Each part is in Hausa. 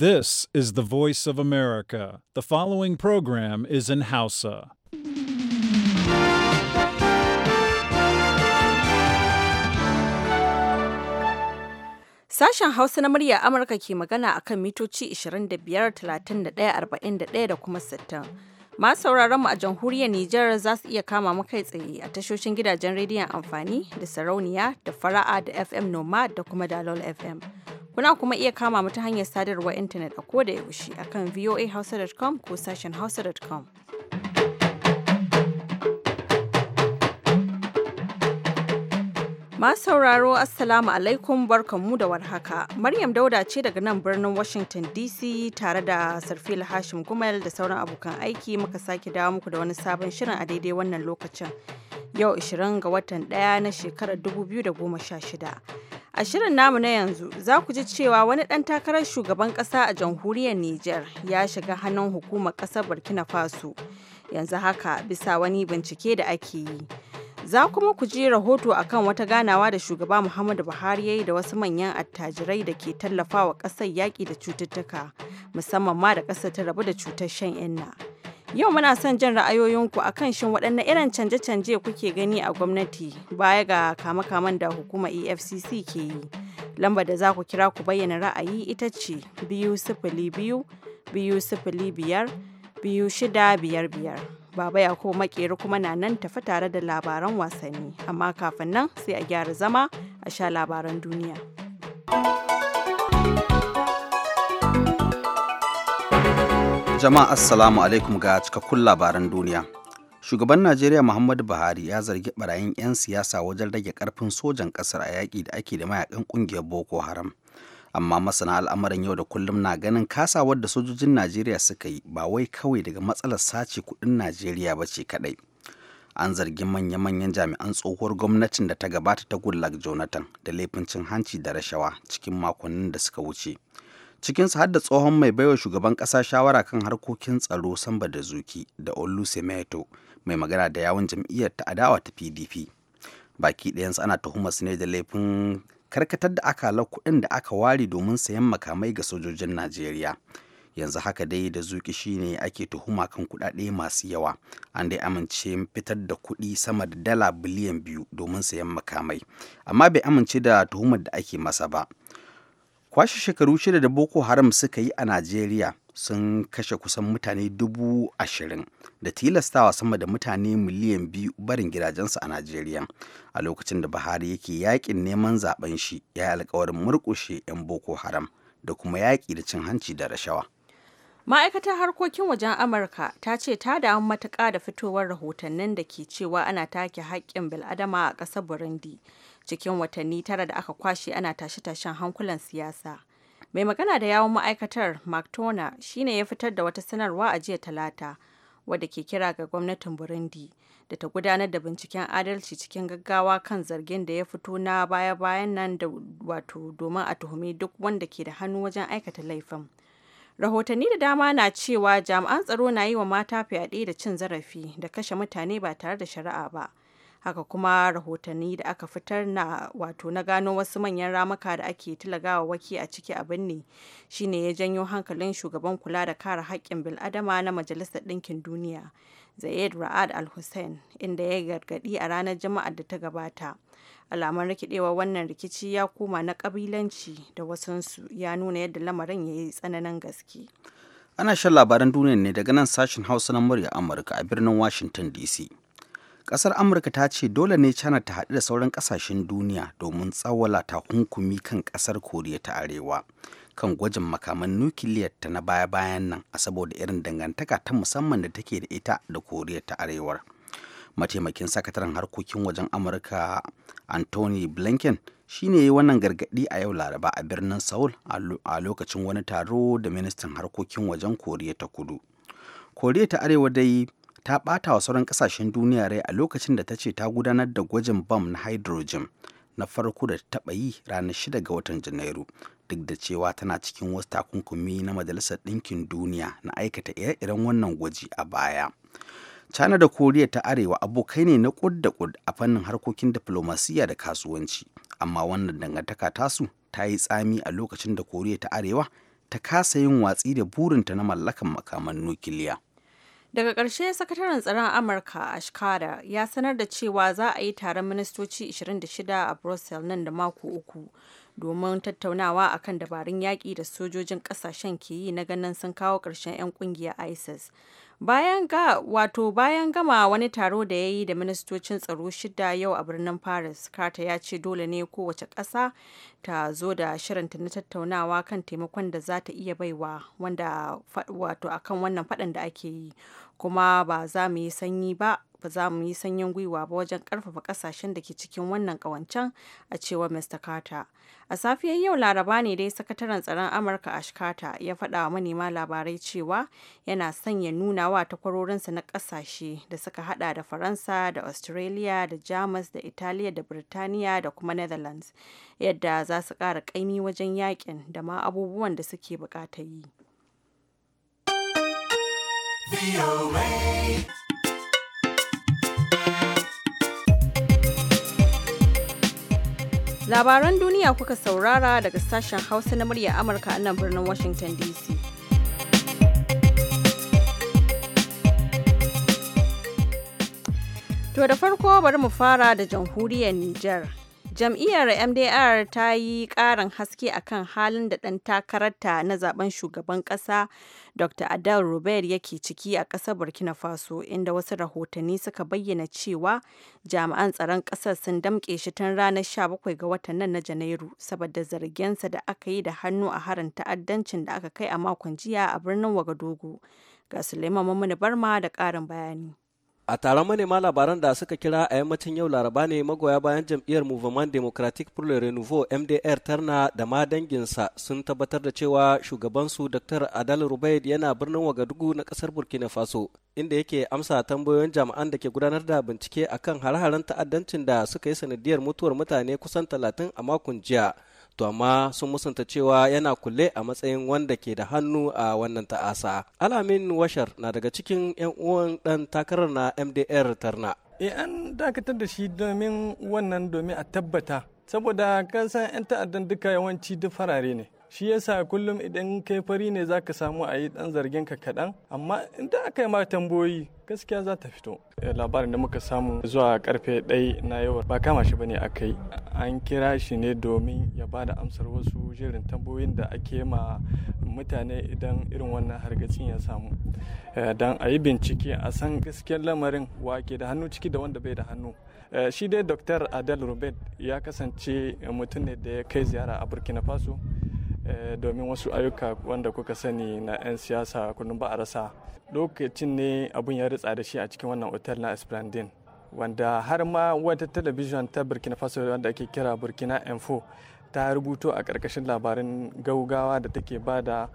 This is the voice of America. The following program is in Hausa. Sashen Hausa na murya Amurka ke magana akan mitoci 25, 31, 41 da kuma 60. Masu sauraron mu a jamhuriyar Nijar za su iya kama mu kai tsaye a tashoshin gidajen rediyon amfani da sarauniya da fara'a da FM Noma da kuma Dalol FM. Kuna kuma iya kama mu ta hanyar sadarwar intanet a koda yaushe akan voahausa.com ko sashen hausa.com. Masu sauraro Assalamu alaikum barkanmu da warhaka. Maryam Dauda ce daga nan birnin Washington DC tare da Sarfil Hashim Gumel da sauran abokan aiki muka sake dawo muku da wani sabon shirin a daidai wannan lokacin. Yau 20 ga watan ɗaya na shekarar 2016. A shirin namu na yanzu za ku ji cewa wani ɗan takarar shugaban ƙasa a jamhuriyar Nijar ya shiga hannun hukumar ƙasar Burkina Faso. Yanzu haka bisa wani bincike da ake yi. Za kuma ku ji rahoto akan wata ganawa da shugaba Muhammadu Buhari ya yi da wasu manyan attajirai da ke tallafawa ƙasar yaƙi da cututtuka, musamman ma da ƙasar ta rabu da cutar shan inna. Yau muna son jin ra'ayoyinku akan shin waɗanne irin canje-canje kuke gani a gwamnati baya ga kama-kaman da hukumar EFCC ke yi. Lambar da za ku kira ku bayyana ra'ayi ita ce biyu sifili biyu biyu sifili biyar biyu shida biyar biyar. Baba ko Makeri kuma na nan tafi tare da labaran wasanni, amma kafin nan sai a gyara zama a sha labaran duniya. Jama'a Assalamu alaikum ga cikakkun labaran duniya. Shugaban Najeriya Muhammadu Buhari ya zargi barayin 'yan siyasa wajen rage karfin sojan kasar a yaƙi da ake da mayakan ƙungiyar Boko Haram. amma masana al'amarin yau da kullum na ganin kasawar da sojojin najeriya suka yi ba wai kawai daga matsalar sace kudin najeriya ba ce kadai an zargi manya-manyan jami'an tsohuwar gwamnatin da ta gabata ta goodluck jonathan da laifin cin hanci da rashawa cikin makonnin da suka wuce cikinsu har da tsohon mai baiwa shugaban ƙasa shawara kan harkokin tsaro samba da zuki da olusemeto mai magana da yawon jam'iyyar ta adawa ta pdp baki ɗayansu ana tuhumar su ne da laifin karkatar da akalar kuɗin da aka ware domin sayan makamai ga sojojin najeriya yanzu haka dai da zuki shine ake tuhuma kan kuɗaɗe masu yawa an dai amince fitar da kuɗi sama da dala biliyan biyu domin sayan makamai amma bai amince da tuhumar da ake masa ba kwashe shekaru shida da boko haram suka yi a najeriya sun kashe kusan mutane dubu ashirin da tilastawa sama da mutane miliyan biyu barin gidajensu a najeriya a lokacin da buhari yake yakin neman zaben shi ya yi alkawarin murkushe 'yan boko haram da kuma yaƙi da cin hanci da rashawa ma'aikatar harkokin wajen amurka ta ce ta damu matuka da fitowar rahotannin da ke cewa ana take haƙƙin bil'adama a ƙasar burundi cikin watanni tara da aka kwashe ana tashe-tashen hankulan siyasa Mai magana da yawon ma'aikatar Mark Tona shine ya fitar da wata sanarwa a jiya Talata wadda ke kira ga gwamnatin Burundi da ta gudanar da binciken adalci cikin gaggawa kan zargin da ya fito na baya-bayan nan da wato domin a tuhumi duk wanda ke da hannu wajen aikata laifin. rahotanni da dama na cewa jami'an tsaro na yi wa mata fyaɗe da cin zarafi da kashe mutane ba tare da shari'a ba haka kuma rahotanni da aka fitar na wato na gano wasu manyan ramuka da ake tilagawa waki a ciki abin ne shine ya janyo hankalin shugaban kula da kare haƙƙin bil'adama na majalisar ɗinkin duniya zayed ra'ad al-hussein inda ya gargaɗi a ranar juma'ar da ta gabata alamun rikidewa wannan rikici ya koma na kabilanci da wasansu ya nuna yadda lamarin ya yi tsananin gaske ana shan labaran duniya ne daga nan sashen hausa na murya amurka a birnin washington dc Ƙasar Amurka ta ce dole ne China ta haɗu da sauran ƙasashen duniya domin tsawala takunkumi kan ƙasar Koriya ta Arewa kan gwajin makaman nukiliyar ta na baya-bayan nan a saboda irin dangantaka ta musamman da take da ita da Koriya ta Arewar. Mataimakin sakataren harkokin wajen Amurka Anthony Blinken shi ne wannan gargaɗi a yau Laraba a birnin Seoul a lokacin wani taro da ministan harkokin wajen Koriya ta Kudu. Koriya ta Arewa dai ta ɓata wa sauran ƙasashen duniya rai a lokacin da ta ce ta gudanar da gwajin bam na hydrogen na farko da taɓa yi ranar 6 ga watan janairu duk da cewa tana cikin wasu takunkumi na majalisar ɗinkin duniya na aikata ire-iren wannan gwaji a baya china da koriya ta arewa abokai ne na kud da kud a fannin harkokin diflomasiyya da kasuwanci amma wannan dangantaka tasu ta yi tsami a lokacin da koriya ta arewa ta kasa yin watsi da burinta na mallakan makaman nukiliya. Daga ƙarshe sakataren tsaron Amurka Ash Carter ya sanar da cewa za a yi taron ministoci 26 a Brussels nan da mako uku domin tattaunawa akan dabarun yaƙi da sojojin ƙasashen ke yi na ganin sun kawo ƙarshen 'yan ƙungiyar ISIS. Bayan ga wato bayan gama wani taro da ya yi da ministocin tsaro shida yau a birnin Paris, Carter ya ce dole ne kowace ƙasa ta zo da shirinta na tattaunawa kan taimakon da za ta iya baiwa wanda wato akan wannan faɗan da ake yi kuma ba za mu yi sanyi ba ba za mu yi sanyin gwiwa ba wajen karfafa kasashen da ke cikin wannan kawancen a cewa Mr. Carter. A safiyar yau Laraba ne dai sakataren tsaron Amurka Ash Carter ya faɗa wa manema labarai cewa yana son ya nuna wa takwarorinsa na kasashe da suka hada da Faransa da Australia da Jamus da Italiya da Birtaniya da kuma Netherlands yadda za su ƙara ƙaimi wajen yakin da ma abubuwan da suke bukata yi. Labaran duniya kuka saurara daga sashen Hausa na murya Amurka a nan birnin Washington DC. To da farko bari mu fara da jamhuriyar Nijar. Jam'iyyar MDR ta yi karin haske akan halin da ɗan takararta na zaben shugaban ƙasa Dr. adal Robert yake ciki a ƙasar Burkina Faso inda wasu rahotanni suka bayyana cewa jami'an tsaron ƙasar sun damƙe shi tun ranar 17 ga watan nan na Janairu saboda zargensa da aka yi da hannu a harin ta'addancin da aka kai a makon jiya a birnin Wagadugu. Ga Suleiman Mamman Barma da ƙarin bayani. a taron manema labaran da suka kira a yammacin yau laraba ne magoya bayan jam'iyyar movement democratic pour le mdr tarna da ma danginsa sun tabbatar da cewa shugabansu dr adal rubaid yana birnin wagadugu na kasar burkina faso inda yake amsa tambayoyin jami'an da ke gudanar da bincike akan hare-haren ta'addancin da suka yi sanadiyar mutuwar mutane kusan talatin a makon jiya to amma sun musanta cewa yana kulle a matsayin wanda ke da hannu a wannan ta'asa alamin washar na daga cikin 'yan uwan dan takarar na mdr tarna e an dakatar da shi domin wannan domin a tabbata saboda kasan 'yan ta'addan duka yawanci duk farare ne shi yasa kullum idan kai fari ne za ka samu a yi dan zargin ka kaɗan amma inda aka yi ma tambayoyi gaskiya za ta fito eh, labarin da muka samu zuwa karfe ɗai na yau ba kama shi bane aka yi an kira shi ne domin ya ba da amsar wasu jerin tambayoyin da ake ma mutane idan irin wannan hargitsin ya samu eh, don a yi bincike a san gaskiyar lamarin wake da hannu ciki da wanda bai da hannu eh, shi dai dr adel rubin ya kasance mutum ne da ya kai ziyara a burkina faso Eh, domin wasu ayyuka wanda kuka sani na 'yan siyasa kullum ba a rasa lokacin ne abun ya ritsa da shi a cikin wannan otel na esplandin wanda har ma wata talabijin ta burkina faso wanda ake kira burkina info ta rubuto a ƙarƙashin labarin gaugawa da take ba da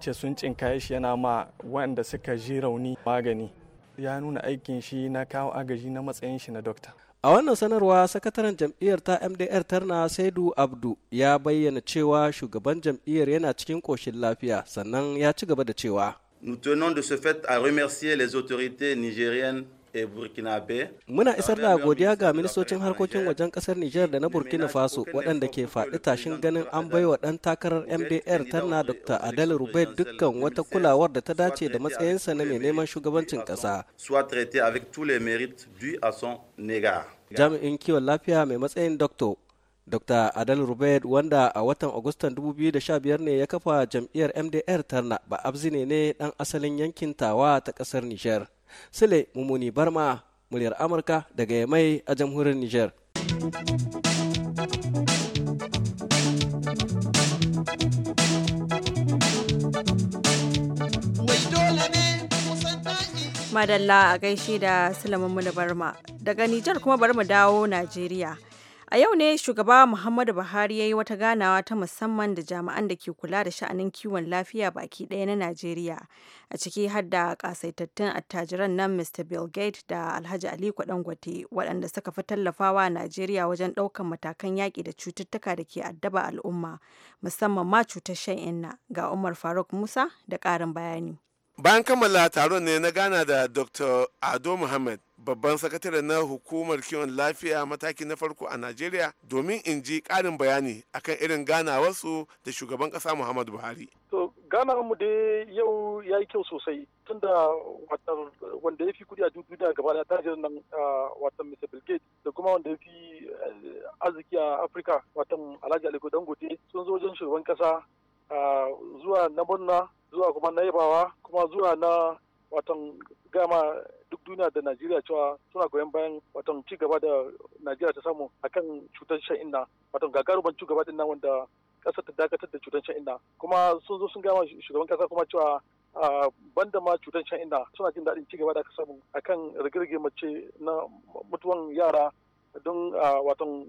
ce sun cinka shi yana ma wanda suka ji rauni magani ya nuna aikin shi na kawo agaji na matsayin shi na dokta A wannan sanarwa sakataren jam'iyyar ta MDR Tarna Saidu Abdu ya bayyana cewa shugaban jam'iyyar yana cikin koshin lafiya sannan ya ci gaba da cewa. Nous tenons de ce Muna isar da godiya ga ministocin harkokin wajen kasar Niger da na Burkina Faso waɗanda ke faɗi tashin ganin an bai wa ɗan takarar MDR tarna Dr. Adel Rubai dukkan wata kulawar da ta dace da matsayinsa na mai neman shugabancin ƙasa. jami'in kiwon lafiya mai matsayin doctor dr adal rubaid wanda a watan agustan 2015 ne ya kafa jam'iyyar mdr tarna ba abzine ne dan asalin yankin tawa ta kasar nijar sile mumuni barma muryar amurka daga yamai a jamhuriyar nijar Madalla a gaishe da da Barma. Daga Nijar kuma bari mu dawo Najeriya. A yau ne shugaba Muhammadu Buhari ya yi wata ganawa ta musamman da jami'an da ke kula da sha'anin kiwon lafiya baki ɗaya na Najeriya, a ciki har da kasaitattun attajiran nan Mr. Bill Gates da Alhaji Aliko kwadangwate waɗanda suka fi tallafawa Najeriya wajen ɗaukan matakan yaƙi da cututtuka da ke addaba al'umma, musamman ma cutar shan inna ga Umar Faruk Musa da ƙarin bayani. bayan kammala taron ne na gana da dr ado muhammad babban sakatare na hukumar kiwon lafiya mataki na farko a najeriya domin in ji karin bayani akan irin ganawarsu da shugaban kasa muhammad buhari to gana mu yau ya yi kyau sosai tunda da wanda ya fi kudi a duniya gaba da tajirin nan watan mr bill gates da kuma wanda ya fi eh, arziki a afirka watan alhaji aliko dangote sun zo wajen shugaban kasa zuwa na zuwa kuma na yabawa kuma zuwa na watan gama duk duniya da Najeriya cewa suna goyon bayan watan cigaba da Najeriya ta samu akan cutar shan inna watan gagarumin cigaba din nan wanda kasar ta dakatar da cutar shan inna kuma sun zo sun gama shugaban kasa kuma cewa a banda ma cutar shan inna suna jin daɗin cigaba da aka samu akan rigirgi mace na mutuwan yara don watan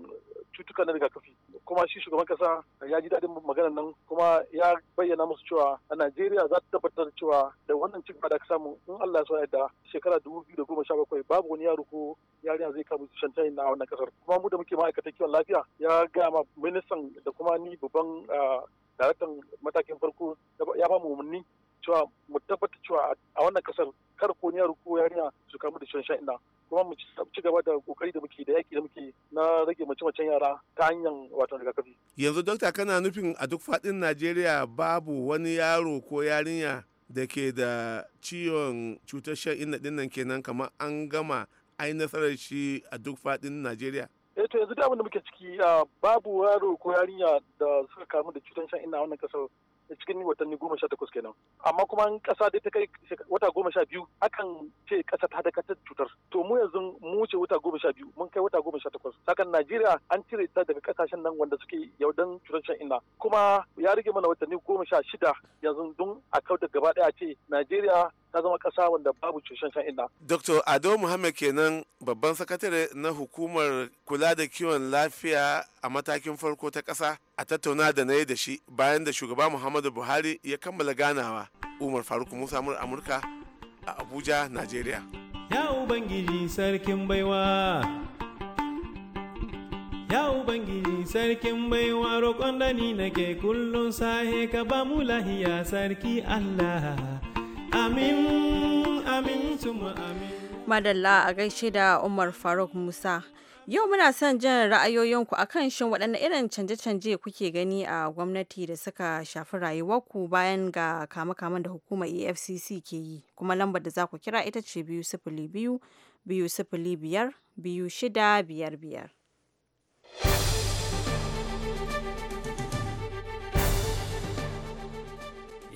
cutuka na rigakafi kuma shi shugaban kasa ya ji daɗin magana nan kuma ya bayyana musu cewa a Najeriya za ta tabbatar cewa da wannan cikin da aka samu in Allah ya da shekara dubu biyu da goma sha bakwai babu wani yaro ko yarinya zai kamu shantayin na wannan kasar kuma mu da muke ma'aikatan kiwon lafiya ya gaya ma ministan da kuma ni babban daraktan matakin farko ya ba mu umarni cewa mu tabbata cewa a wannan kasar kar ko yaro ko yarinya su kamu da shansha'in na kuma mu ci gaba da kokari da muke da yaki da muke na rage mace-macen yara ta hanyar wato kafi. Yanzu dokta kana nufin a duk fadin Najeriya babu wani yaro ko yarinya da ke da ciwon cutar shan inna dinnan kenan kamar an gama ai nasarar shi a duk fadin Najeriya. eh to yanzu da da muke ciki ah, babu yaro ko yarinya da suka kamu da cutar shan inna wannan kasar cikin watanni goma sha takwas kenan amma kuma in kasa dai ta kai wata goma sha biyu akan ce kasa ta dakatar cutar to mu yanzu mu ce wata goma sha biyu mun kai wata goma sha takwas sakan najeriya an cire ta daga kasashen nan wanda suke yaudan cutar shan inna kuma ya rage mana watanni goma sha shida yanzu don a kau da gaba daya ce najeriya ta zama ƙasa wanda babu cushen ina. Dr. Ado Muhammad kenan babban sakatare na hukumar kula da kiwon lafiya a matakin farko ta ƙasa a tattauna da na yi da shi bayan da shugaba Muhammadu Buhari ya kammala ganawa. Umar Faruk Musa mur Amurka a Abuja, Najeriya. Ya Ubangiji sarkin baiwa. Ya Ubangiji sarkin baiwa roƙon da ni nake kullum sahe ka ba mu lahiya sarki Allah. Amin, Madalla a gaishe da Umar Faruk Musa. Yau muna son jin ra'ayoyinku kan shin waɗanne irin canje-canje kuke gani a gwamnati da suka shafi rayuwarku bayan ga kama-kaman da hukumar EFCC ke yi. Kuma lambar da za ku kira ita ce biyu sifili biyu, biyu sifili biyar, biyu shida biyar biyar.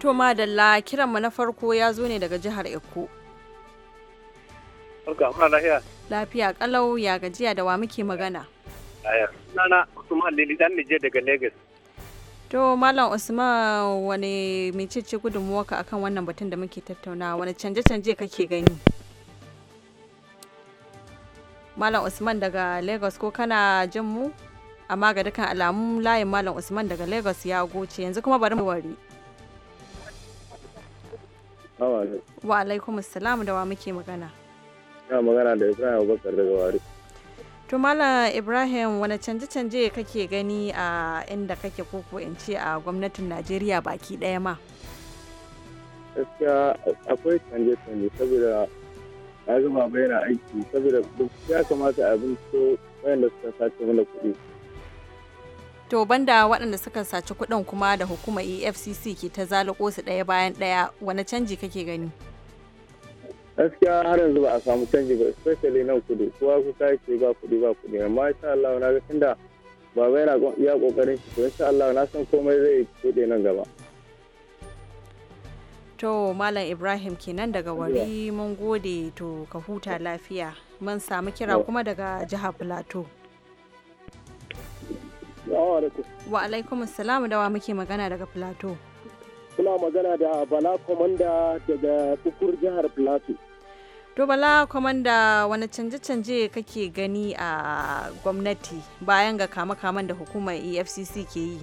To Madalla kiranmu na farko ya zo ne daga jihar Eko. lafiya. kalau ya gajiya da wa muke magana. Sunana Usman Lili dan Nije daga Lagos. To Malam Usman wani mecece gudunmuwarka akan wannan batun da muke tattauna wani canje-canje kake gani? Malam Usman daga Lagos ko kana jin mu? Amma ga dukkan alamun layin Malam Usman daga Lagos ya goce yanzu kuma bari mu wari. Wa alaikum assalam da wa muke magana. Ya magana da Ibrahim Abubakar daga Wari. To Mala Ibrahim wani canje-canje kake gani a inda kake koko in ce a gwamnatin Najeriya baki ɗaya ma? Gaskiya akwai canje-canje saboda ya zama bai aiki saboda ya kamata abin so da suka sace mana kuɗi To banda waɗanda suka saci kuɗin kuma da hukumar EFCC ke ta zalako su ɗaya bayan ɗaya wani canji kake gani? Gaskiya har yanzu ba a samu canji ba especially nan kudu kowa kusa yake ba kuɗi ba kuɗi amma insha Allah na ga tunda baba yana iya kokarin shi to insha Allah na san komai zai kuɗe nan gaba. To Malam Ibrahim kenan daga wari mun gode to ka huta lafiya mun samu kira kuma daga jihar Plateau. Wa alaikum assalamu da wa muke magana daga Plateau. Kuna magana da Bala Komanda daga Tukur jihar Plateau. To Bala Komanda wani canje-canje kake gani a gwamnati bayan ga kama-kaman da hukumar EFCC ke yi?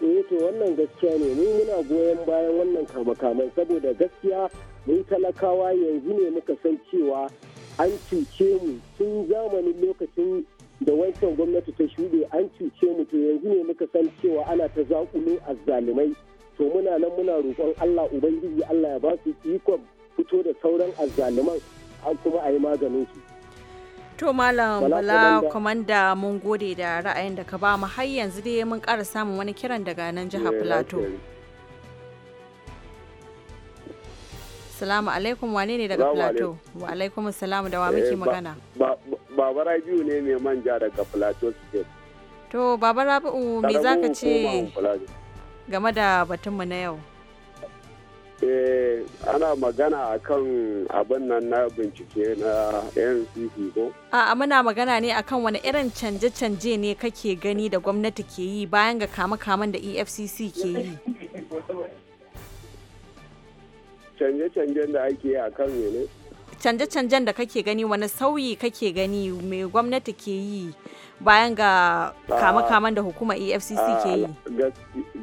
Eh to wannan gaskiya ne ni muna goyon bayan wannan kama-kaman saboda gaskiya mun talakawa yanzu ne muka san cewa an cuce mu tun zamanin lokacin da wancan gwamnati ta shuɗe an cuce mu to yanzu ne muka san cewa ana ta zaƙulo a zalimai to muna nan muna roƙon Allah ubangiji Allah ya ba su ikon fito da sauran azzaliman an kuma a yi maganin su. To Malam Bala Kwamanda mun gode da ra'ayin da ka ba mu har yanzu dai mun ƙara samun wani kiran daga nan jihar Plateau. Eh, salamu alaikum wane ne daga Wa alaikum salamu da wa muke eh, magana? babara biyu ne mai manja daga Plateau State. To babara biyu me za ka ce game da batunmu na yau? Eh, ana magana a kan abin nan na bincike na NCC ko? A muna magana ne akan wani irin canje-canje ne kake gani da gwamnati ke yi bayan ga kama-kaman da EFCC ke yi. Canje-canjen da ake yi a kan ne? canje-canjen da kake gani wani sauyi kake gani mai gwamnati ke yi bayan ga kama-kaman da hukumar efcc ke yi ah,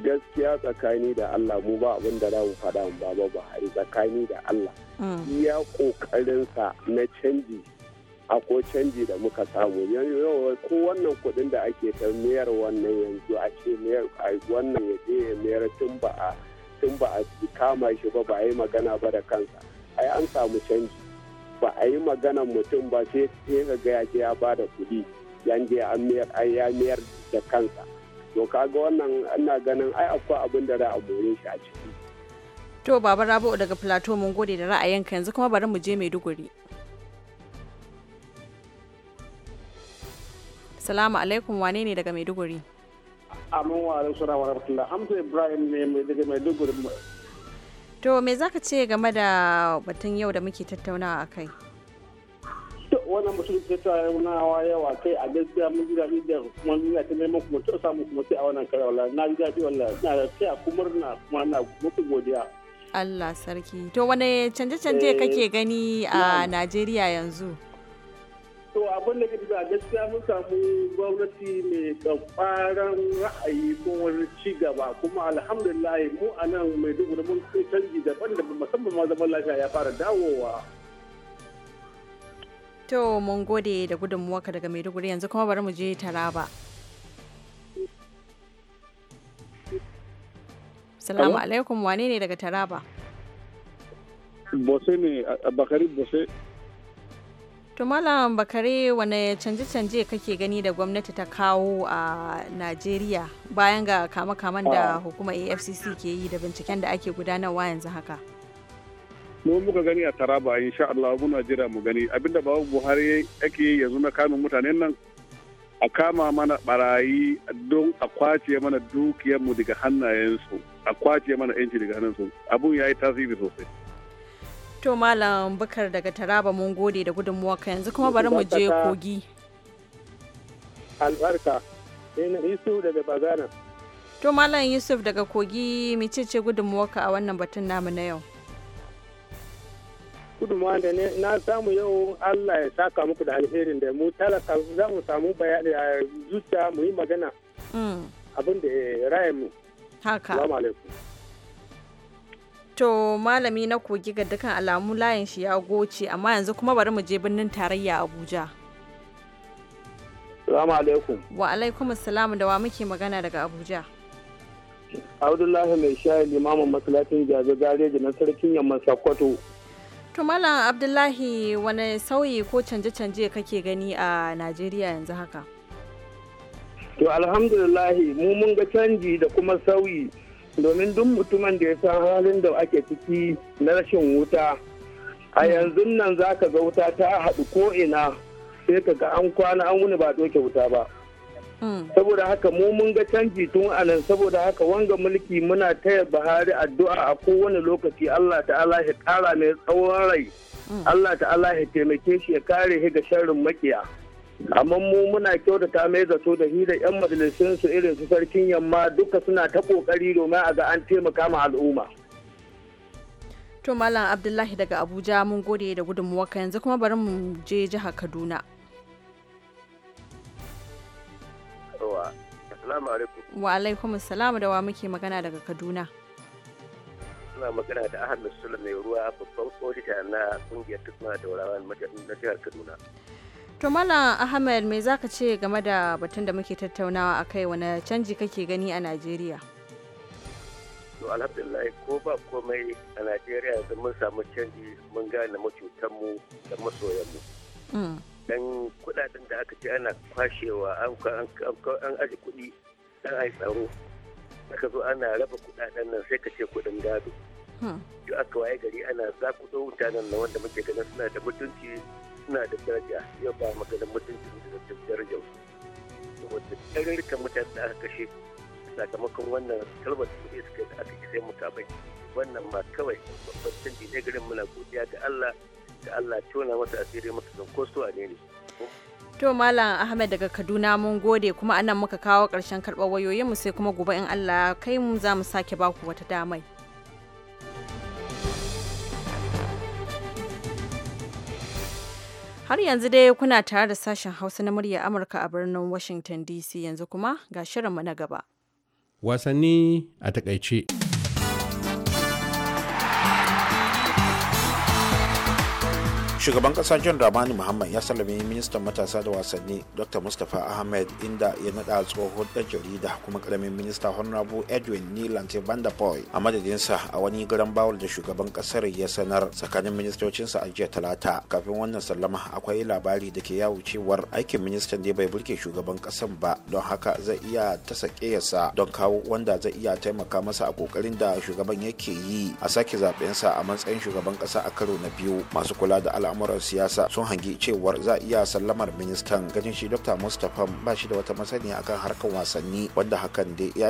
gaskiya tsakani da allah mu ba abin da na faɗa mu ba buhari tsakani da allah hmm. iya ƙoƙarinsa na canji ko canji da muka samu yau ko wannan kuɗin da ake ta mayar wannan yanzu a ce mayar wannan ya je ya mayar tun ba a kama shi ba ba a yi magana ba da kansa ai an samu canji ba a yi maganan mutum ba sai ya ga ya je ya ba da kuɗi yan je ya mayar da kansa to kaga wannan ana ganin ai akwai abin da za a shi a ciki to baba rabu daga plateau mun gode da ra'ayinka yanzu kuma bari mu je maiduguri salamu alaikum wane ne daga maiduguri amin wa alaikum wa alaikum hamza ibrahim ne daga maiduguri to me za ka ce game da batun yau da muke tattaunawa a kai wannan yi wani hawa yawa kai a gaskiya mun ji daɗi da kuma nuna ta neman kuma ta samu kuma sai a wannan kare wala na ji daɗi wala na da taya kuma na kuma na muku godiya Allah sarki to wane canje-canje eh, kake gani a Najeriya yanzu? to abin da a gaskiya mun samu gwamnati mai tsakwaran ra'ayi ko wani ci gaba kuma alhamdulillah mu a nan mai duguri mun kai canji daban da musamman ma zaman lafiya ya fara dawowa to mun gode da gudunmuwarka daga maiduguri yanzu kuma bari mu je taraba salamu alaikum wane ne daga taraba bose ne bakari bose To Malam Bakare wane canje-canje kake gani da gwamnati ta kawo a Najeriya bayan ga kama-kaman da hukumar AFCC ke yi da binciken da ake gudanarwa yanzu haka? Mu muka gani a Taraba insha Allah muna jira mu gani abinda babu Buhari ake yanzu na kama mutanen nan a kama mana barayi don a kwace mana dukiyarmu daga hannayensu a kwace mana yanci daga hannunsu abun ya tasiri sosai. To Malam Bukar daga Taraba mun gode da ka yanzu kuma bari mu je kogi. Albarka, Yusuf daga Bagana. To Malam Yusuf daga kogi ce gudunmuwa ka a wannan batun namu na yau. Gudunmuwa da ne na samu yau Allah ya saka muku da alherin da mu talaka za mu samu bayani a zuciya mu yi magana mm. abin da ya raya mu. Haka. To malami na kogi ga dukkan alamu layin shi ya goce amma yanzu kuma bari mu je birnin tarayya Abuja. Salamu alaikum. Wa alaikum salamu da wa muke magana daga Abuja. Abdullahi mai shayi limamin masallacin jaje gareji na sarkin yamma Sakkwato. To malam Abdullahi wani sauyi ko canje-canje kake gani a Najeriya yanzu haka? To alhamdulillahi mu mun ga canji da kuma sauyi domin duk mutumin da ya san halin da ake ciki na rashin wuta a hmm. yanzu nan za ka ga wuta ta haɗu ko ina sai ka ga an kwana an wuni ba doke wuta ba hmm. saboda haka mu mun ga canji tun anan saboda haka wanga mulki muna taya buhari addu'a a kowane lokaci allah ta'ala ya ƙara mai tsawon rai hmm. allah ta'ala ya taimake shi ya kare shi ga sharrin makiya amma mu muna kyautata mai zato da hira yan majalisun su irin su sarkin yamma duka suna ta kokari domin a ga an taimaka ma al'umma to malam abdullahi daga abuja mun gode da gudunmuwarka yanzu kuma bari mu je jihar kaduna wa alaikum salamu da wa muke magana daga kaduna suna magana da ahmed sula mai ruwa babban odita na kungiyar tukuna da wurawa na jihar kaduna To Ahmad Ahmed me zaka ce game da batun da muke tattaunawa a kai wani canji kake gani a Najeriya? To alhamdulillah ko ba komai a Najeriya yanzu mun samu canji mun gane macutanmu da masoyanmu. Mm. Dan kudaden da aka ce ana kwashewa an aji kuɗi dan ai tsaro. Aka zo ana raba kudaden nan sai ka ce kuɗin gado. Yau hmm. aka waye gari ana za ku mutanen na wanda muke ganin suna da mutunci suna da daraja yau ba maganin mutuncin da darajar su saboda ɗarurruka mutane da aka kashe sakamakon wannan kalmar kuɗi suka da aka kisai mu kamai wannan ma kawai babban canji ne garin muna godiya ga Allah ga Allah tona masa asiri masa don ko su ne To Malam Ahmed daga Kaduna mun gode kuma anan muka kawo ƙarshen karɓar wayoyinmu sai kuma gobe in Allah kai mu za mu sake baku wata damai. Har yanzu dai kuna tare da sashen Hausa na murya Amurka a birnin Washington DC yanzu kuma ga shirinmu na gaba. Wasanni a takaice. shugaban kasa john ramani muhammad ya sallame ministan matasa da wasanni dr mustapha ahmed inda ya nada tsohon dan jarida kuma karamin minista honorable edwin nilante poy a madadinsa a wani garan bawul da shugaban kasar ya sanar tsakanin ministocinsa a jiya talata kafin wannan sallama akwai labari da ke yawo cewar aikin ministan ne bai burke shugaban kasan ba don haka zai iya ta yasa don kawo wanda zai iya taimaka masa a kokarin da shugaban yake yi a sake zaɓensa a matsayin shugaban kasa a karo na biyu masu kula da ala al'amuran siyasa sun hangi cewar za a iya sallamar ministan ganin shi dr mustapha ba shi da wata masaniya akan harkar wasanni wanda hakan dai ya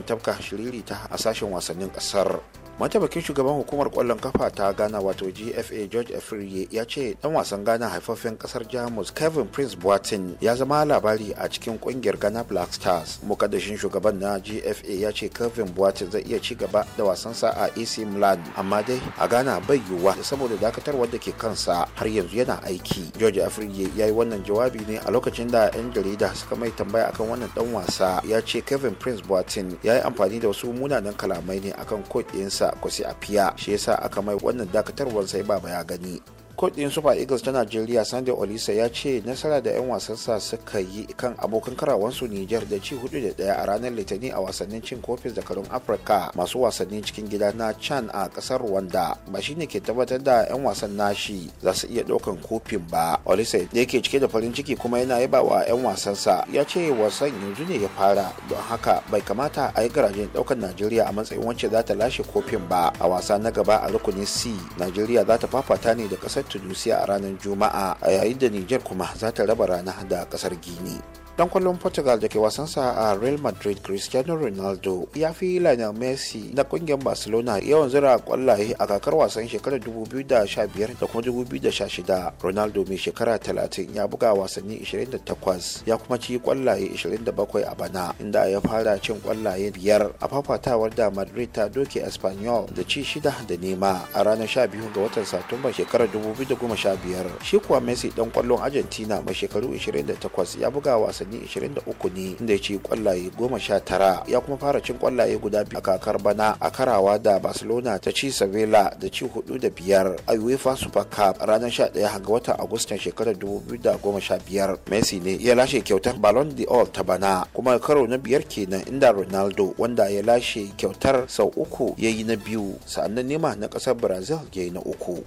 tabka tafka ta a sashen wasannin kasar mataimakin shugaban hukumar kwallon kafa ta ghana wato gfa george afriye ya ce dan wasan ghana haifafen kasar jamus kevin prince buatin ya zama labari a cikin kungiyar ghana black stars mukaddashin shugaban na gfa ya ce kevin boateng zai iya ci gaba da wasansa a ac milan amma dai a ghana bai yiwuwa saboda dakatarwar da ke kansa har yanzu yana aiki george afrige ya yi wannan jawabi ne a lokacin da 'yan jarida suka mai tambaya akan wannan dan wasa ya ce kevin prince boatin ya yi amfani da wasu munanan kalamai ne akan kot ɗinsa a fiya shi yasa aka mai wannan dakatarwar sai baba ya gani kudin super eagles ta nigeria sunday olisa ya ce nasara da 'yan wasansa suka yi kan abokan karawansu niger da ci hudu da daya a ranar litinin a wasannin cin kofis da karun afirka masu wasannin cikin gida na chan a kasar rwanda ba shine ke tabbatar da 'yan wasan nashi za su iya daukan kofin ba olisa da yake cike da farin ciki kuma yana yaba wa 'yan wasansa ya ce wasan yanzu ne ya fara don haka bai kamata a yi garajen daukan nigeria a matsayin wacce za ta lashe kofin ba a wasa na gaba a rukunin c nigeria za ta fafata ne da kasar Tunisia a ranar Juma'a a yayin da Nijar kuma za ta raba rana da kasar Gini. dan kwallon portugal da ke wasansa a real madrid cristiano ronaldo ya fi lionel messi na kungiyar barcelona yawan zira kwallaye a kakar wasan shekarar 2015 da kuma 2016 ronaldo mai shekara 30 ya buga wasanni 28 ya kuma ci kwallaye 27 a bana inda ya fara cin kwallaye biyar a fafatawar da madrid ta doke espanyol da ci shida da nema a ranar 12 ga watan satumba shekarar 2015 shi kuwa messi dan kwallon argentina mai shekaru 28 ya buga wasanni wasanni 23 ne inda ya ci kwallaye 19 ya kuma fara cin kwallaye guda biyu a kakar bana a karawa da barcelona ta ci sevilla da ci hudu da biyar a uefa super cup ranar 11 ga watan agustan shekarar 2015 messi ne ya lashe kyautar ballon d'or ta bana kuma karo na biyar kenan inda ronaldo wanda ya lashe kyautar sau uku ya yi na biyu sa'annan nema na kasar brazil ya yi na uku.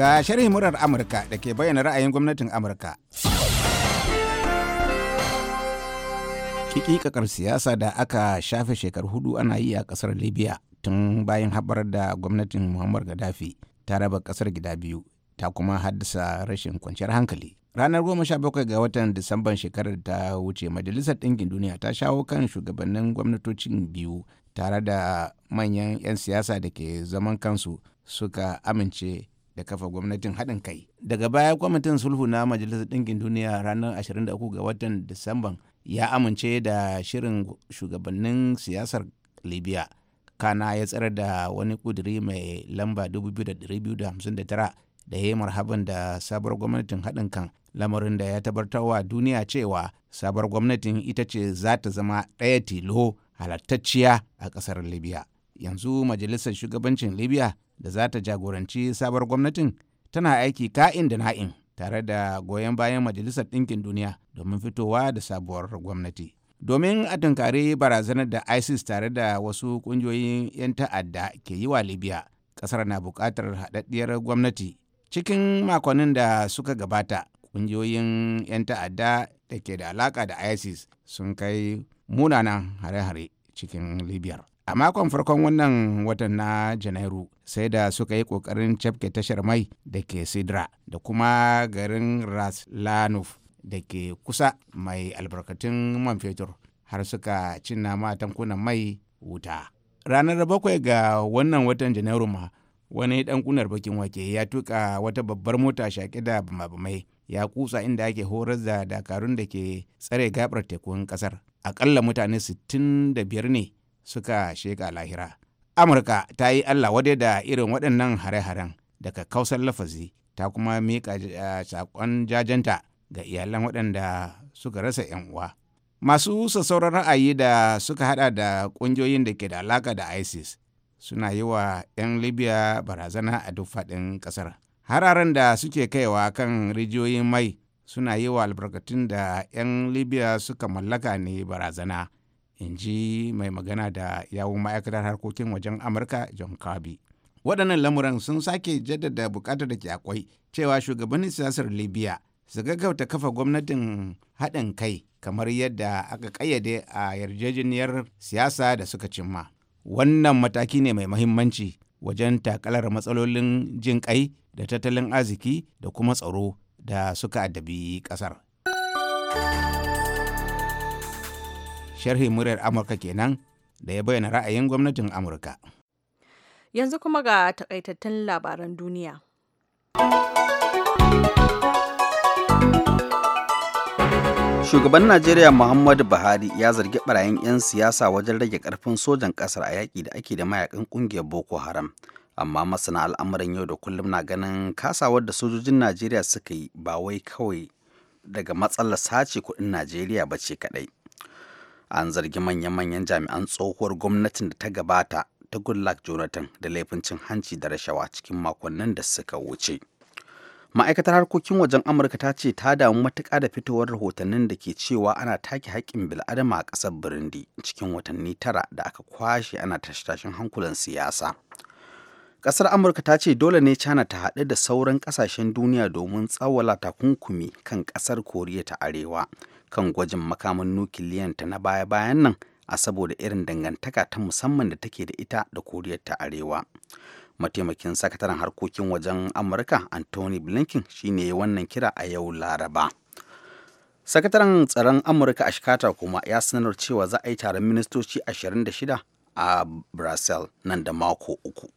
Ga sharhin murar Amurka da ke bayyana ra'ayin gwamnatin Amurka. Kikikakar siyasa da aka shafe shekaru hudu ana yi a kasar Libya tun bayan haɓar da gwamnatin muhammad Gaddafi ta raba kasar gida biyu ta kuma haddasa rashin kwanciyar hankali. ranar goma sha bakwai ga watan disamban shekarar ta wuce majalisar ɗinkin duniya ta shawo kan shugabannin gwamnatocin biyu tare da manyan 'yan siyasa da ke zaman kansu suka amince ya kafa gwamnatin haɗin kai daga baya kwamitin sulhu na majalisar ɗinkin duniya ranar 23 ga watan disamban ya amince da shirin shugabannin siyasar libya kana ya tsare da wani ƙuduri mai lamba 2259 da ya yi marhaban da sabuwar gwamnatin haɗin kan lamarin da ya wa duniya cewa sabuwar gwamnatin ita ce za ta zama ɗaya tilo halattacciya a ƙasar libya yanzu majalisar shugabancin libya da za ta jagoranci sabuwar gwamnatin tana aiki ka'in da na'in tare da goyon bayan majalisar ɗinkin duniya domin fitowa da sabuwar gwamnati domin a tunkari barazanar da isis tare da wasu ƙungiyoyin 'yan ta'adda ke yi wa libya ƙasar na buƙatar haɗaɗɗiyar gwamnati cikin makonnin da suka gabata ƙungiyoyin 'yan ta'adda da ke da alaƙa da isis sun kai munanan hare-hare cikin libyar a makon farkon wannan watan na janairu sai da suka yi kokarin cafke tashar mai da ke sidra da kuma garin raslanuf da ke kusa mai albarkatun man fetur har suka cinna ma tankunan mai wuta ranar bakwai ga wannan watan janairu ma wani dan kunar bakin wake ya tuka wata babbar mota shaƙe da bamabamai ya kusa inda ake horar da dakarun da ke tsare gabar tekun kasar akalla mutane 65 ne suka sheka lahira amurka ta yi allah wadai da irin waɗannan hare-haren daga kausar lafazi ta kuma miƙa eh, saƙon jajanta ga iyalan waɗanda suka rasa 'yan uwa masu sassauran ra'ayi da suka haɗa da ƙungiyoyin da ke da alaƙa da isis suna yi wa 'yan libya barazana a duk faɗin ƙasar hararen da suke kaiwa kan rijiyoyin mai suna yi wa albarkatun da 'yan libya suka mallaka ne barazana in ji mai magana da yawun ma'aikatar harkokin wajen amurka john kirby waɗannan lamuran sun sake jaddada buƙatar da ke akwai cewa shugabannin siyasar libya su gaggauta kafa gwamnatin haɗin kai kamar yadda aka ƙayyade a yarjejeniyar siyasa da suka cimma wannan mataki ne mai mahimmanci wajen takalar matsalolin jin ƙai da tattalin arziki da kuma tsaro da suka addabi ƙasar. sharhi muryar amurka kenan da ya bayyana ra'ayin gwamnatin amurka yanzu kuma ga takaitattun labaran duniya shugaban najeriya muhammadu buhari ya zargi barayin 'yan siyasa wajen rage karfin sojan kasar a yaƙi da ake da mayakan ƙungiyar boko haram amma masana al'amuran yau da kullum na ganin kasawar da sojojin najeriya suka yi ba wai kawai daga matsalar sace kuɗin najeriya ba ce kaɗai an zargi manyan-manyan jami'an tsohuwar gwamnatin da ta gabata ta goodluck jonathan da laifin cin hanci da rashawa cikin makonnin da suka wuce ma'aikatar harkokin wajen amurka ta ce ta damu matuƙa da fitowar rahotannin da ke cewa ana take haƙƙin bil'adama a ƙasar Birindi cikin watanni tara da aka kwashe ana tashe-tashen hankulan siyasa ƙasar amurka ta ce dole ne china ta haɗu da sauran ƙasashen duniya domin tsawala takunkumi kan ƙasar koriya ta arewa kan gwajin nukiliyan nukiliyanta na baya-bayan nan a saboda irin dangantaka ta musamman da take da ita da koriya ta arewa mataimakin sakataren harkokin wajen amurka anthony blinken shine ya wannan kira a yau laraba sakataren tsaron amurka a shikata kuma ya sanar cewa za a yi taron ministoci 26 a brazil nan da mako uku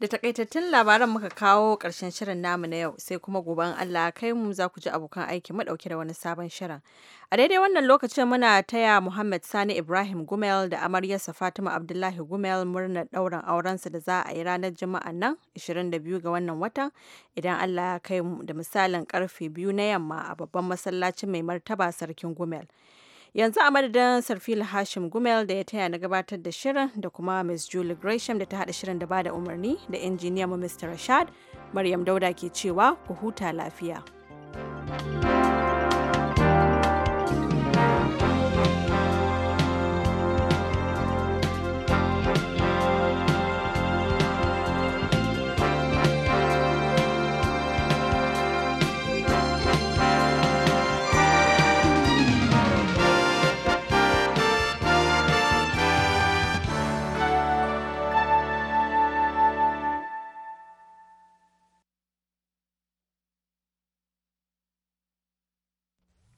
Da takaitattun labaran muka kawo karshen shirin namu na yau sai kuma goben Allah kai mu za ku ji abokan aiki mu dauke da wani sabon shirin. A daidai wannan lokacin muna taya Muhammad Sani Ibrahim Gumel da amaryarsa Fatima Abdullahi Gumel murnar ɗaurin aurensa da za a yi ranar Juma'a nan 22 ga wannan watan idan Allah ya kai mu da misalin karfe biyu na yamma a babban masallacin mai martaba sarkin Gumel. yanzu a madadin sarfil hashim gumel da ya taya na gabatar da shirin da kuma miss julie gresham da ta hada shirin da ba da umarni da injiniya mu mr rashad maryam dauda ke cewa ku huta lafiya thank you